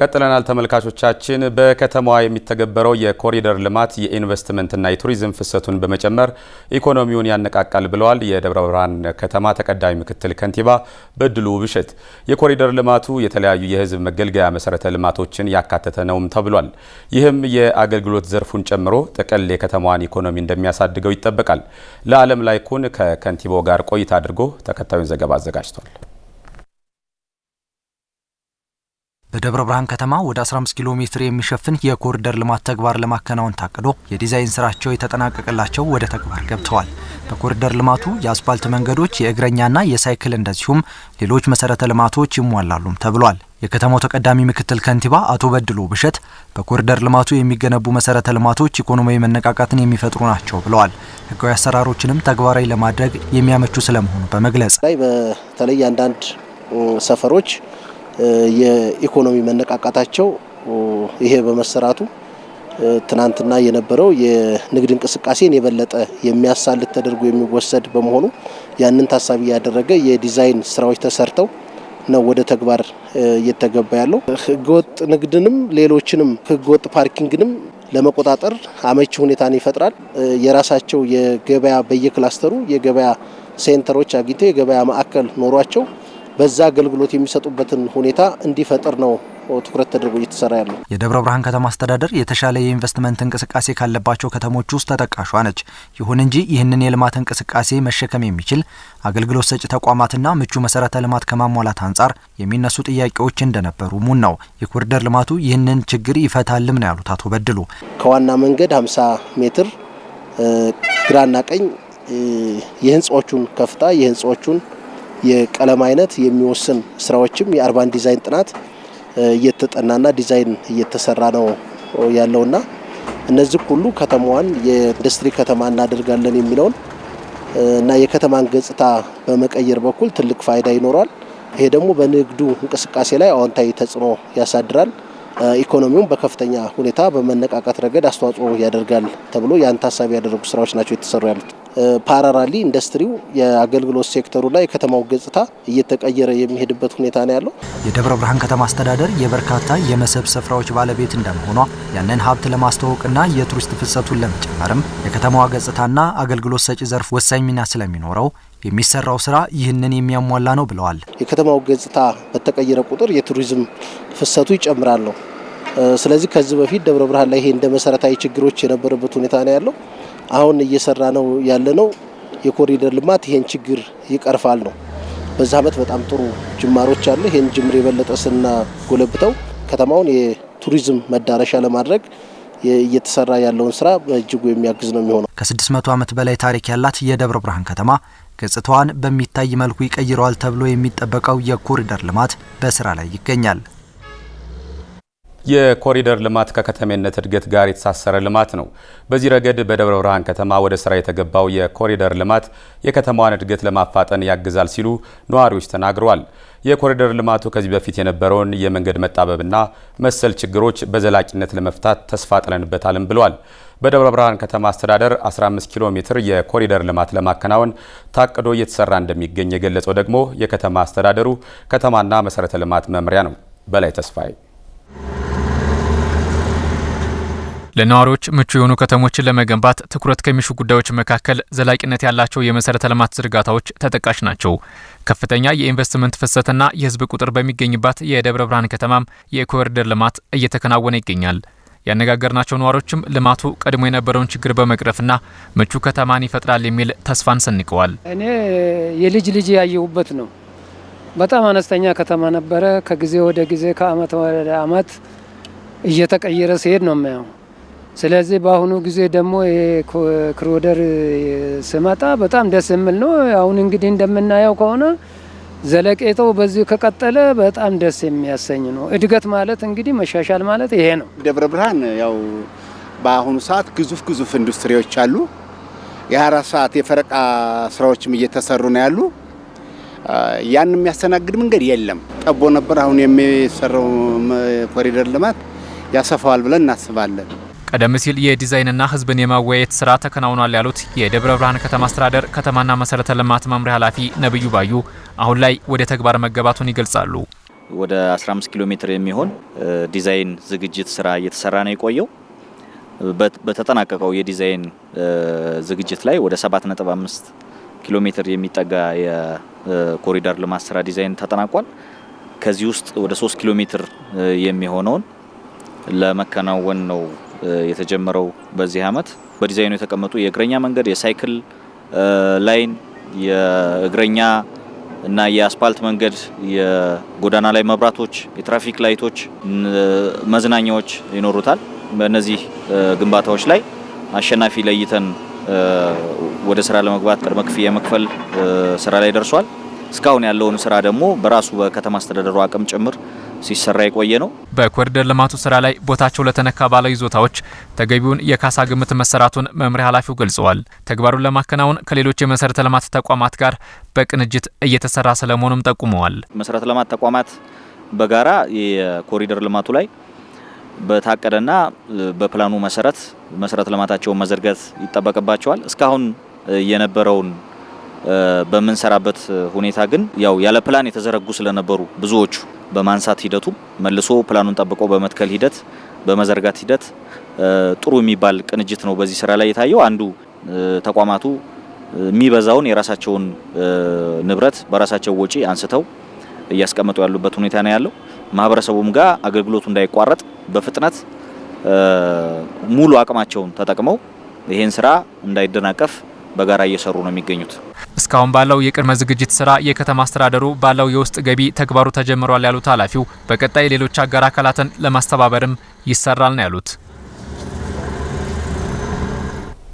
ቀጥለናል ተመልካቾቻችን። በከተማዋ የሚተገበረው የኮሪደር ልማት የኢንቨስትመንትና የቱሪዝም ፍሰቱን በመጨመር ኢኮኖሚውን ያነቃቃል ብለዋል የደብረ ብርሃን ከተማ ተቀዳሚ ምክትል ከንቲባ በድሉ ብሸት። የኮሪደር ልማቱ የተለያዩ የህዝብ መገልገያ መሰረተ ልማቶችን ያካተተ ነውም ተብሏል። ይህም የአገልግሎት ዘርፉን ጨምሮ ጥቅል የከተማዋን ኢኮኖሚ እንደሚያሳድገው ይጠበቃል። ለዓለም ላይኩን ከከንቲባው ጋር ቆይታ አድርጎ ተከታዩን ዘገባ አዘጋጅቷል። የደብረ ብርሃን ከተማ ወደ 15 ኪሎ ሜትር የሚሸፍን የኮሪደር ልማት ተግባር ለማከናወን ታቅዶ የዲዛይን ስራቸው የተጠናቀቀላቸው ወደ ተግባር ገብተዋል። በኮሪደር ልማቱ የአስፋልት መንገዶች፣ የእግረኛና የሳይክል እንደዚሁም ሌሎች መሰረተ ልማቶች ይሟላሉም ተብሏል። የከተማው ተቀዳሚ ምክትል ከንቲባ አቶ በድሎ ብሸት በኮሪደር ልማቱ የሚገነቡ መሰረተ ልማቶች ኢኮኖሚያዊ መነቃቃትን የሚፈጥሩ ናቸው ብለዋል። ህጋዊ አሰራሮችንም ተግባራዊ ለማድረግ የሚያመቹ ስለመሆኑ በመግለጽ ላይ በተለይ አንዳንድ ሰፈሮች የኢኮኖሚ መነቃቃታቸው ይሄ በመሰራቱ ትናንትና የነበረው የንግድ እንቅስቃሴን የበለጠ የሚያሳልጥ ተደርጎ የሚወሰድ በመሆኑ ያንን ታሳቢ ያደረገ የዲዛይን ስራዎች ተሰርተው ነው ወደ ተግባር እየተገባ ያለው። ህገወጥ ንግድንም ሌሎችንም ህገወጥ ፓርኪንግንም ለመቆጣጠር አመቺ ሁኔታን ይፈጥራል። የራሳቸው የገበያ በየክላስተሩ የገበያ ሴንተሮች አግኝተው የገበያ ማዕከል ኖሯቸው በዛ አገልግሎት የሚሰጡበትን ሁኔታ እንዲፈጥር ነው ትኩረት ተደርጎ እየተሰራ ያለው። የደብረ ብርሃን ከተማ አስተዳደር የተሻለ የኢንቨስትመንት እንቅስቃሴ ካለባቸው ከተሞች ውስጥ ተጠቃሿ ነች። ይሁን እንጂ ይህንን የልማት እንቅስቃሴ መሸከም የሚችል አገልግሎት ሰጪ ተቋማትና ምቹ መሰረተ ልማት ከማሟላት አንጻር የሚነሱ ጥያቄዎች እንደነበሩ ሙን ነው። የኮሪደር ልማቱ ይህንን ችግር ይፈታልም ነው ያሉት አቶ በድሉ። ከዋና መንገድ 50 ሜትር ግራና ቀኝ የህንፃዎቹን ከፍታ የህንፃዎቹን የቀለም አይነት የሚወስን ስራዎችም የአርባን ዲዛይን ጥናት እየተጠናና ዲዛይን እየተሰራ ነው ያለውና እነዚህ ሁሉ ከተማዋን የኢንዱስትሪ ከተማ እናደርጋለን የሚለውን እና የከተማን ገጽታ በመቀየር በኩል ትልቅ ፋይዳ ይኖረዋል። ይሄ ደግሞ በንግዱ እንቅስቃሴ ላይ አዎንታዊ ተጽዕኖ ያሳድራል። ኢኮኖሚውን በከፍተኛ ሁኔታ በመነቃቃት ረገድ አስተዋጽኦ ያደርጋል ተብሎ ያን ታሳቢ ያደረጉ ስራዎች ናቸው የተሰሩ ያሉት። ፓራራሊ ኢንዱስትሪው የአገልግሎት ሴክተሩና የከተማው ገጽታ እየተቀየረ የሚሄድበት ሁኔታ ነው ያለው። የደብረ ብርሃን ከተማ አስተዳደር የበርካታ የመስህብ ስፍራዎች ባለቤት እንደመሆኗ ያንን ሀብት ለማስተዋወቅና የቱሪስት ፍሰቱን ለመጨመርም የከተማዋ ገጽታና አገልግሎት ሰጪ ዘርፍ ወሳኝ ሚና ስለሚኖረው የሚሰራው ስራ ይህንን የሚያሟላ ነው ብለዋል። የከተማው ገጽታ በተቀየረ ቁጥር የቱሪዝም ፍሰቱ ይጨምራል ነው። ስለዚህ ከዚህ በፊት ደብረ ብርሃን ላይ ይሄ እንደ መሰረታዊ ችግሮች የነበረበት ሁኔታ ነው ያለው። አሁን እየሰራ ነው ያለ ነው የኮሪደር ልማት ይሄን ችግር ይቀርፋል ነው። በዚህ ዓመት በጣም ጥሩ ጅማሮች አሉ። ይሄን ጅምር የበለጠ ስና ጎለብተው ከተማውን የቱሪዝም መዳረሻ ለማድረግ እየተሰራ ያለውን ስራ በእጅጉ የሚያግዝ ነው የሚሆነው። ከስድስት መቶ ዓመት በላይ ታሪክ ያላት የደብረ ብርሃን ከተማ ገጽታዋን በሚታይ መልኩ ይቀይረዋል ተብሎ የሚጠበቀው የኮሪደር ልማት በስራ ላይ ይገኛል። የኮሪደር ልማት ከከተሜነት እድገት ጋር የተሳሰረ ልማት ነው። በዚህ ረገድ በደብረ ብርሃን ከተማ ወደ ስራ የተገባው የኮሪደር ልማት የከተማዋን እድገት ለማፋጠን ያግዛል ሲሉ ነዋሪዎች ተናግረዋል። የኮሪደር ልማቱ ከዚህ በፊት የነበረውን የመንገድ መጣበብና መሰል ችግሮች በዘላቂነት ለመፍታት ተስፋ ጥለንበታልም ብለዋል። በደብረ ብርሃን ከተማ አስተዳደር 15 ኪሎ ሜትር የኮሪደር ልማት ለማከናወን ታቅዶ እየተሰራ እንደሚገኝ የገለጸው ደግሞ የከተማ አስተዳደሩ ከተማና መሰረተ ልማት መምሪያ ነው። በላይ ተስፋዬ ለነዋሪዎች ምቹ የሆኑ ከተሞችን ለመገንባት ትኩረት ከሚሹ ጉዳዮች መካከል ዘላቂነት ያላቸው የመሰረተ ልማት ዝርጋታዎች ተጠቃሽ ናቸው። ከፍተኛ የኢንቨስትመንት ፍሰትና የህዝብ ቁጥር በሚገኝባት የደብረ ብርሃን ከተማም የኮሪደር ልማት እየተከናወነ ይገኛል። ያነጋገርናቸው ነዋሪዎችም ልማቱ ቀድሞ የነበረውን ችግር በመቅረፍና ምቹ ከተማን ይፈጥራል የሚል ተስፋን ሰንቀዋል። እኔ የልጅ ልጅ ያየሁበት ነው። በጣም አነስተኛ ከተማ ነበረ። ከጊዜ ወደ ጊዜ ከአመት ወደ አመት እየተቀየረ ሲሄድ ነው የማየው። ስለዚህ በአሁኑ ጊዜ ደግሞ ክሮደር ስመጣ በጣም ደስ የሚል ነው። አሁን እንግዲህ እንደምናየው ከሆነ ዘለቄታው በዚህ ከቀጠለ በጣም ደስ የሚያሰኝ ነው። እድገት ማለት እንግዲህ መሻሻል ማለት ይሄ ነው። ደብረ ብርሃን ያው በአሁኑ ሰዓት ግዙፍ ግዙፍ ኢንዱስትሪዎች አሉ። የሀራ ሰዓት የፈረቃ ስራዎችም እየተሰሩ ነው ያሉ። ያን የሚያስተናግድ መንገድ የለም፣ ጠቦ ነበር። አሁን የሚሰራው ኮሪደር ልማት ያሰፋዋል ብለን እናስባለን። ቀደም ሲል የዲዛይንና ህዝብን የማወያየት ስራ ተከናውኗል ያሉት የደብረ ብርሃን ከተማ አስተዳደር ከተማና መሰረተ ልማት መምሪያ ኃላፊ ነብዩ ባዩ አሁን ላይ ወደ ተግባር መገባቱን ይገልጻሉ። ወደ 15 ኪሎ ሜትር የሚሆን ዲዛይን ዝግጅት ስራ እየተሰራ ነው የቆየው። በተጠናቀቀው የዲዛይን ዝግጅት ላይ ወደ 7.5 ኪሎ ሜትር የሚጠጋ የኮሪደር ልማት ስራ ዲዛይን ተጠናቋል። ከዚህ ውስጥ ወደ 3 ኪሎ ሜትር የሚሆነውን ለመከናወን ነው የተጀመረው በዚህ አመት በዲዛይኑ የተቀመጡ የእግረኛ መንገድ፣ የሳይክል ላይን፣ የእግረኛ እና የአስፓልት መንገድ፣ የጎዳና ላይ መብራቶች፣ የትራፊክ ላይቶች፣ መዝናኛዎች ይኖሩታል። በእነዚህ ግንባታዎች ላይ አሸናፊ ለይተን ወደ ስራ ለመግባት ቅድመ ክፍያ የመክፈል ስራ ላይ ደርሷል። እስካሁን ያለውን ስራ ደግሞ በራሱ በከተማ አስተዳደሩ አቅም ጭምር ሲሰራ የቆየ ነው። በኮሪደር ልማቱ ስራ ላይ ቦታቸው ለተነካ ባለ ይዞታዎች ተገቢውን የካሳ ግምት መሰራቱን መምሪያ ኃላፊው ገልጸዋል። ተግባሩን ለማከናወን ከሌሎች የመሰረተ ልማት ተቋማት ጋር በቅንጅት እየተሰራ ስለመሆኑም ጠቁመዋል። መሰረተ ልማት ተቋማት በጋራ የኮሪደር ልማቱ ላይ በታቀደና በፕላኑ መሰረት መሰረተ ልማታቸውን መዘርጋት ይጠበቅባቸዋል። እስካሁን የነበረውን በምንሰራበት ሁኔታ ግን ያው ያለ ፕላን የተዘረጉ ስለነበሩ ብዙዎቹ በማንሳት ሂደቱ መልሶ ፕላኑን ጠብቆ በመትከል ሂደት በመዘርጋት ሂደት ጥሩ የሚባል ቅንጅት ነው በዚህ ስራ ላይ የታየው። አንዱ ተቋማቱ የሚበዛውን የራሳቸውን ንብረት በራሳቸው ወጪ አንስተው እያስቀመጡ ያሉበት ሁኔታ ነው ያለው። ማህበረሰቡም ጋር አገልግሎቱ እንዳይቋረጥ በፍጥነት ሙሉ አቅማቸውን ተጠቅመው ይህን ስራ እንዳይደናቀፍ በጋራ እየሰሩ ነው የሚገኙት። እስካሁን ባለው የቅድመ ዝግጅት ስራ የከተማ አስተዳደሩ ባለው የውስጥ ገቢ ተግባሩ ተጀምሯል ያሉት ኃላፊው በቀጣይ ሌሎች አጋር አካላትን ለማስተባበርም ይሰራል ነው ያሉት።